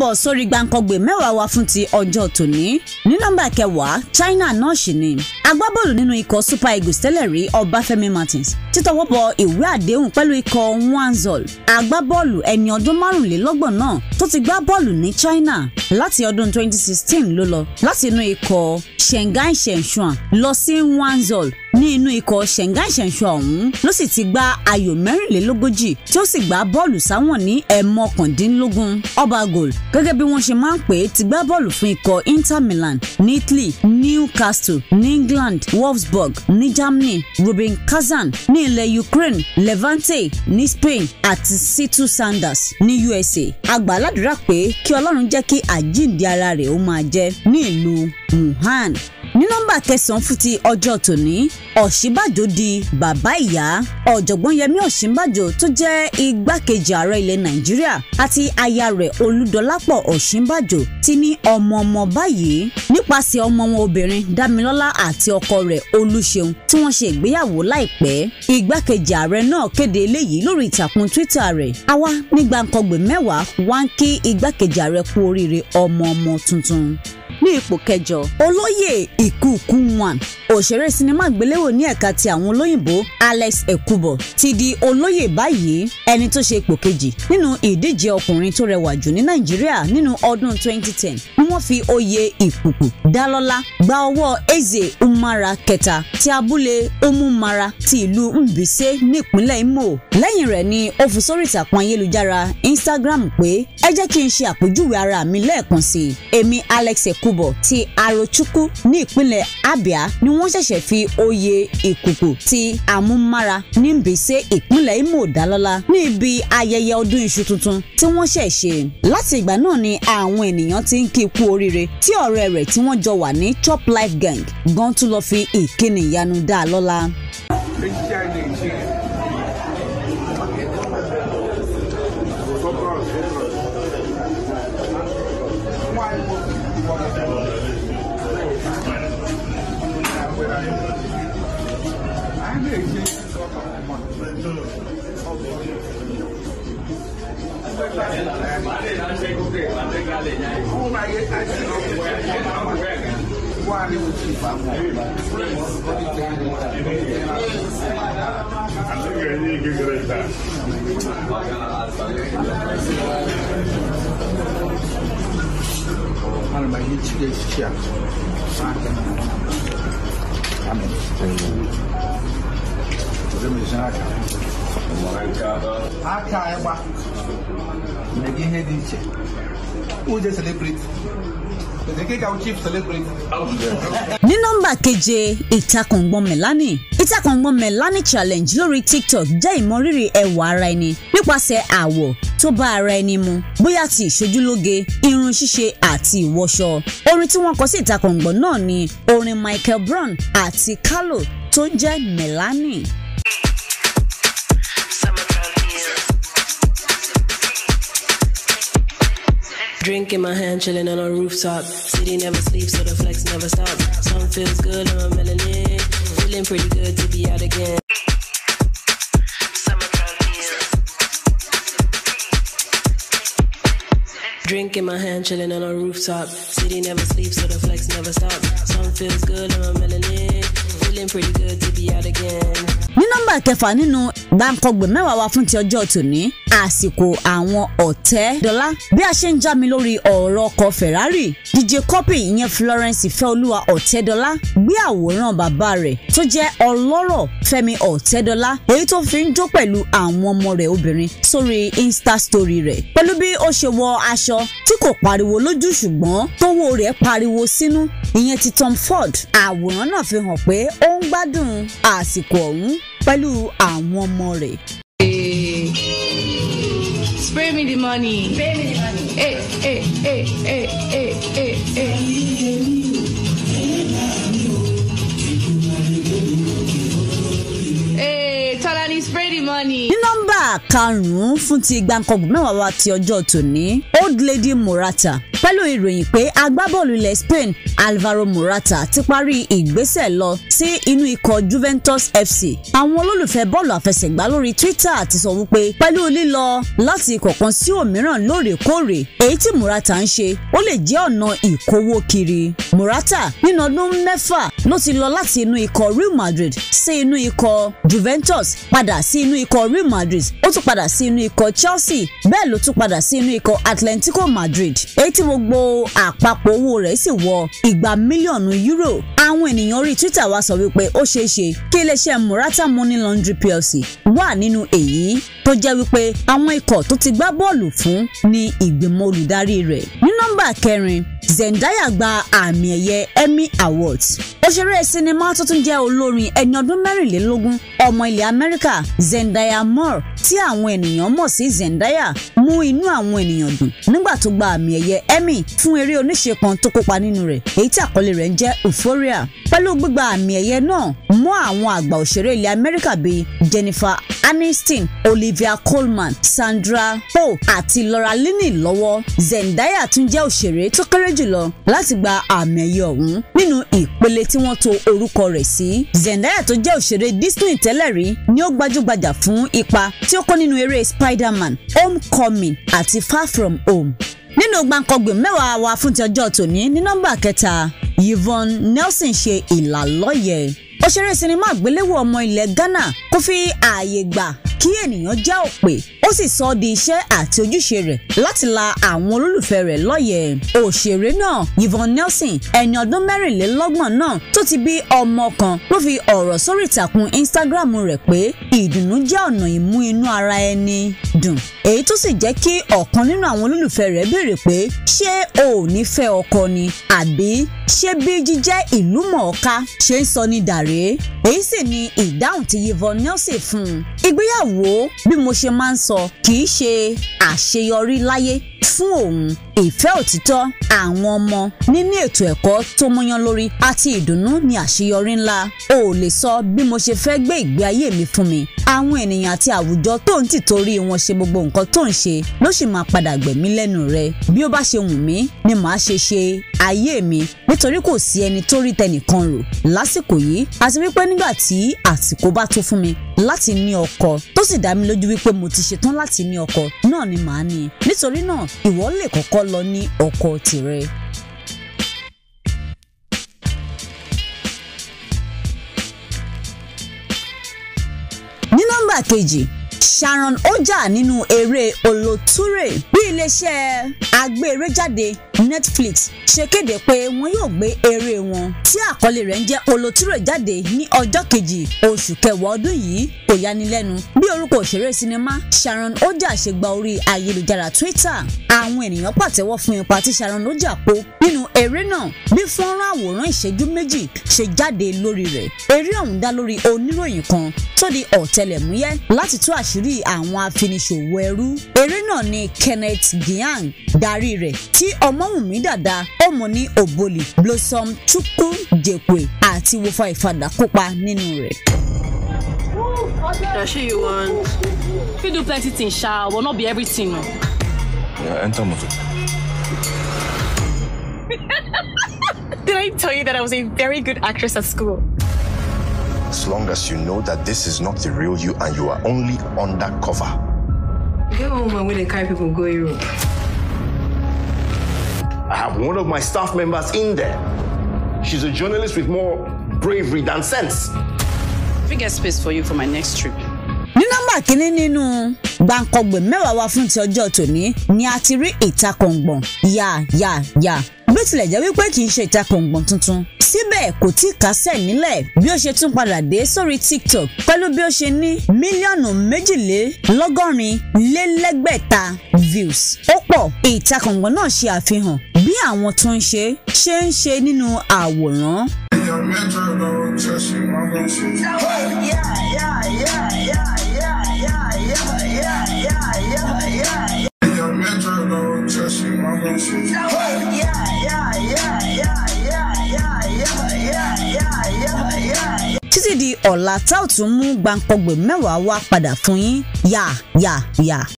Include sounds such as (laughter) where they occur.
bọ̀ sórí gbàǹkangbè mẹ́wàá wa fún ti ọjọ́ tòní ní nọ́mbà kẹwàá China náà sì ni agbábọ́ọ̀lù nínú ikọ̀ Super Eagles tẹ́lẹ̀ rí Ọbáfẹ́mi Martins títọwọ́ bọ ìwé àdéhùn pẹ̀lú ikọ̀ Wanzhou agbábọ́ọ̀lù ẹni ọdún márùnlélọ́gbọ̀n náà tó ti gbá bọ́ọ̀lù ní China láti ọdún 2016 ló lọ láti inú ikọ̀ Shanghai Shenhua lọ sí Wanzhou ní inú ikọ̀ Shanghai Shenhua ọ̀hún ló sì ti gba ayò mẹ́rìnlélógójì tí ó sì gbá bọ́ọ̀lù sáwọn ní ẹ̀mọkàndínlógún ọba goal gẹ́gẹ́ bí wọ́n ṣe máa ń pè é ti gbá bọ́ọ̀lù fún ikọ̀ Inter Milan ní Newcastle ní England Wolfsburg ní Germany Rubin Kazan ní ilẹ̀ Ukraine Levante ní Spain àti Situ Sanders ní USA àgbàládùra pé kí Ọlọ́run jẹ́ kí àjíǹde ara rẹ̀ ó máa jẹ́ ní ìlú Wuhan ní nọ́mbà kẹsàn-án fún ti ọjọ́ tòní ọ̀ṣínbàjò di bàbá ìyá ọ̀jọ̀gbọ́n yẹmí ọ̀ṣínbàjò tó jẹ́ igbákejì ààrẹ ilẹ̀ nàìjíríà àti aya rẹ̀ olúdọlápọ̀ ọ̀ṣínbàjò ti ní ọmọ ọmọ báyìí nípasẹ̀ ọmọ wọn obìnrin damilọ́lá àti ọkọ rẹ̀ olúṣeun tí wọ́n ṣe ìgbéyàwó láìpẹ́ igbákejì ààrẹ náà kéde eléyìí lórí ìtàkùn twitter rẹ̀ àwa ní gbàǹkọ̀gbè mẹ́wàá wá ń kí igbákejì ààrẹ kú oríire ọmọ ọmọ tuntun ní ipò kẹjọ olóyè ìkúùkù one òṣèré sinimá àgbéléwò ní ẹ̀ka ti àwọn olóyìnbó Alex Ekubo ti di olóyè báyìí ẹni tó ṣe ipò kejì nínú ìdíje ọkùnrin tó rẹwà jù ní Nàìjíríà nínú ọdún 2010 ni wọ́n fi oyè ìkùkù dálọ́lá gba ọwọ́ Eze Umara kẹta ti abúlé Umumara ti ìlú Mbise nípínlẹ̀ Imo lẹ́yìn rẹ̀ ni ó fi sórí ìtàkùn ayélujára Instagram pé ẹ jẹ́ kí n ṣe àpèjúwe ara mi lẹ́ẹ̀kan sí i èmi Alex Ekubo Ekwubo ti Arochukwu ní ìpínlẹ̀ Abia ni wọ́n ṣẹ̀ṣẹ̀ fi oyè ìkùkù ti àmúmára ní Mbèsè ìpínlẹ̀ Imo dálọ́lá ní ibi ayẹyẹ ọdún iṣu tuntun tí wọ́n ṣẹ̀ ṣe. Láti ìgbà náà ni àwọn ènìyàn ti ń kí ikú oríire tí ọ̀rẹ́ rẹ̀ tí wọ́n jọ wà ní Chop Life Gang gan tún lọ fi ìkíni ìyanu dá a lọ́lá. 我这每天爱看。aka ịgba na-ege ihe dị iche uje celebrate ní nọ́mbà keje ìtakùngbọ̀n Melani ìtakùngbọ̀n Melani challenge lórí TikTok jẹ́ ìmọrírì ẹwà ara ẹni nípasẹ̀ àwọ̀ tó bá ara ẹni mu bóyá ti ìṣojúlóge irun ṣíṣe àti ìwọṣọ orin tí wọ́n kọ sí ìtakùngbọ̀n náà ni orin Michael Brown àti Carlo tó ń Melani. Drink in my hand, chilling on a rooftop. City never sleeps, so the flex never stops. Sun feels good, I'm melanin. Feeling pretty good to be out again. Drink in my hand, chilling on a rooftop. City never sleeps, so the flex never stops. Sun feels good, I'm melanin. Feeling pretty good to be out again. ní number kẹfà nínú Báńkọ́gbè mẹ́wàá wa fún ti ọjọ́ tòní àsìkò àwọn ọ̀tẹ́ dọ́là bí a ṣe ń já mi lórí ọ̀rọ̀ ọkọ̀ Ferrari DJ Cuppy ìyẹn Florence Ìfẹ́olúwa Ọ̀tẹ́dọ́lá gbé àwòrán bàbá rẹ̀ tó jẹ́ ọlọ́rọ̀ Fẹ́mi Ọ̀tẹ́dọ́lá èyí tó fi ń jó pẹ̀lú àwọn ọmọ rẹ̀ obìnrin sórí Insta story rẹ̀ pẹ̀lú bí ó ṣe wọ aṣọ tí kò pariwo lójú ṣùgbọ́n tówó rẹ̀ pariwo sínú ìyẹn ti Tom Ford àwòrán náà fi hàn pé ó ń gbádùn àsìkò ọ̀hún pẹ̀lú àwọn ọmọ rẹ̀. Spray me the money. Spray me Hey, hey, eh, eh, hey, eh, hey, hey, hey, hey. Tọ́lání spray the money. ní nọ́mbà karùn-ún fún ti gbàǹkangbọ̀n mẹ́wàá wa ti ọjọ́ tòní old lady Murata pẹ̀lú ìròyìn pé agbábọ́ọ̀lù ilẹ̀ Spain Alvaro Morata ti parí ìgbésẹ̀ lọ sí inú ikọ̀ Juventus FC àwọn olólùfẹ́ bọ́ọ̀lù àfẹsẹ̀gbá lórí Twitter ti sọ wípé pẹ̀lú lílọ láti ikọ̀ kan sí òmíràn lóòrèkóòrè èyí tí Morata ń ṣe ó lè jẹ́ ọ̀nà ìkówó kiri Morata nínú ọdún mẹ́fà ló ti lọ láti inú ikọ̀ Real Madrid sí inú ikọ̀ Juventus padà sí inú ikọ̀ Real Madrid ó tún padà sí inú ikọ̀ Chelsea bẹ́ẹ̀ ló tún padà sí inú ikọ̀ Atlético Madrid èyí tí gbogbo àpapọ̀ owó rẹ̀ sì wọ igba mílíọ̀nù euro àwọn ènìyàn orí Twitter wá sọ wípé ó ṣeé ṣe kí iléeṣẹ́ Murata Money Laundry PLC wà nínú èyí tó jẹ́ wípé àwọn ikọ̀ tó ti gbá bọ́ọ̀lù fún ni ìgbìmọ̀ olùdarí rẹ̀ ní nọ́mbà kẹrin Zendaya gba àmì ẹ̀yẹ Emmy Awards òṣèré sinimá tó tún jẹ́ olórin ẹni ọdún mẹ́rìnlélógún ọmọ ilẹ̀ amẹ́ríkà zendaya moore tí àwọn ènìyàn mọ̀ sí zendaya mú inú àwọn ènìyàn dùn nígbà tó gba àmì ẹ̀yẹ emmy fún eré oníṣe kan tó kópa nínú rẹ̀ èyí tí àkọlé rẹ̀ ń jẹ́ euphoria pẹ̀lú gbígba àmì ẹ̀yẹ náà mọ́ àwọn àgbà òṣèré ilẹ̀ amẹ́ríkà bíi jennifer aniston olivia colman sandra oh àti laura linney lọ́wọ́ zendaya tún jẹ́ òṣèré tó kéré jùlọ láti gba àmì ẹ̀yẹ ọ̀hún nínú ìpele tí wọ́n to orúkọ rẹ̀ sí. Zendaya tó jẹ́ òṣèré Disney tẹ́lẹ̀ rí ni ó gbajúgbajà fún ipa tí ó kó nínú eré spider Homecoming àti Far From Home. nínú gbàǹkangbè mẹ́wàá wa fún ti ọjọ́ tòní ní nọ́mbà kẹta Yvonne Nelson ṣe ìlàlọ́yẹ̀ òṣèré sinimá àgbéléwò ọmọ ilẹ̀ Ghana kò fi ààyè gbà kí ènìyàn já òpè sì sọ ọ́ di iṣẹ́ àti ojúṣe rẹ̀ láti la àwọn olólùfẹ́ rẹ̀ lọ́yẹ̀. òṣèré náà Yvonne Nelson ẹni ọdún mẹ́rìnlélọ́gbọ̀n náà tó ti bí ọmọ kan ló fi ọ̀rọ̀ sórí ìtàkùn Instagram rẹ̀ pé ìdùnnú jẹ́ ọ̀nà ìmú inú ara ẹni dùn èyí tó sì jẹ́ kí ọ̀kan nínú àwọn olólùfẹ́ rẹ̀ béèrè pé ṣé o ò ní fẹ́ ọkọ ni àbí ṣé bí jíjẹ́ ìlú mọ̀ọ́ká ṣe ń sọ ní dàré èyí sì ni ìdáhùn tí Yvonne Nelson fún un ìgbéyàwó bí mo ṣe máa ń sọ kì í ṣe àṣeyọrí láyé fún òun ìfẹ́ òtítọ́ àwọn ọmọ níní ètò ẹ̀kọ́ tó múyán lórí àti ìdùnnú ni àṣeyọrí ńlá o ò lè sọ bí mo ṣe fẹ́ gbé ìgbé ayé mi fún mi àwọn ènìyàn àti àwùjọ tó ń tìtorí wọn ṣe gbogbo nǹkan tó ń ṣe ló sì máa padà gbẹ̀mí lẹ́nu rẹ bí ó bá ṣe wù mí ni màá ṣe ṣe ayé mi nítorí kò sí ẹni tó rí tẹnìkan rò lásìkò yìí àti wípé nígbà tí àsìkò bá tó fún mi láti ní ọkọ tó sì dá mi lójú wípé mo ti ṣetán láti ní ọkọ náà ni màá ní nítorí náà ìwọ lè kọ́kọ́ lọ ní ọkọ tìrẹ. ní nọ́mbà kejì Sharon Oja nínú eré Olótùrè bí iléeṣẹ́ agbéréjáde Netflix ṣe kéde pé wọn yóò gbé eré wọn tí àkọlé rẹ̀ ń jẹ́ olótùrọ̀ jáde ní ọjọ́ kejì oṣù kẹwàá ọdún yìí kò yanilẹ́nu bí orúkọ òṣèré sinimá Sharon Oja ṣe gba orí ayélujára Twitter àwọn ènìyàn pàtẹ́wọ́ fún ipa tí Sharon Oja kó nínú eré náà bí fọ́nrán àwòrán ìṣẹ́jú méjì ṣe jáde lórí rẹ̀ eré ọ̀hún dá lórí oníròyìn kan tó di ọ̀tẹlẹ̀múyẹ́ láti tú àṣírí àwọn afiniṣòwò ẹrú eré náà ni Kenneth Gyang darí rẹ̀ tí ọmọ Ọláwùnmí Dàda Ọmọní Òbólì Blossom Chukwu Jekwe àti Wofa Ìfàdà kópa nínú rẹ̀. Na shey you want? Fit do plenty things sha, but no be everything o. Yeah, enter motor. (laughs) Did I tell you that I was a very good actress at school? As long as you know that this is not the real you and you are only undercover. Get home and we dey carry people go Europe one of my staff members in there. She's a journalist with more bravery than sense. If we get space for you for my next trip. ní nọ́mbà kínní nínú gbàǹkọ̀gbè mẹ́wàá wa fún ti ọjọ́ tòní ni a ti rí ìtakọ̀ngbọ̀n yà yà yà bí ó tilẹ̀ jẹ́ wípé kì í ṣe ìtakọ̀ngbọ̀n tuntun síbẹ̀ kò tí ì kásẹ̀ nílẹ̀ bí ó ṣe tún padà dé sórí TikTok pẹ̀lú bí ó ṣe ní mílíọ̀nù méjìlélọ́gọ́rin lélẹ́gbẹ̀ta views ó pọ̀ ìtakùnwọ̀n náà ṣe àfihàn bí àwọn tó ń ṣe ṣe ń ṣe nínú àwòrán. títí di ọ̀la tá ò tún mú gbàǹkangbè mẹ́wàá wá padà fún yín yà yà yà.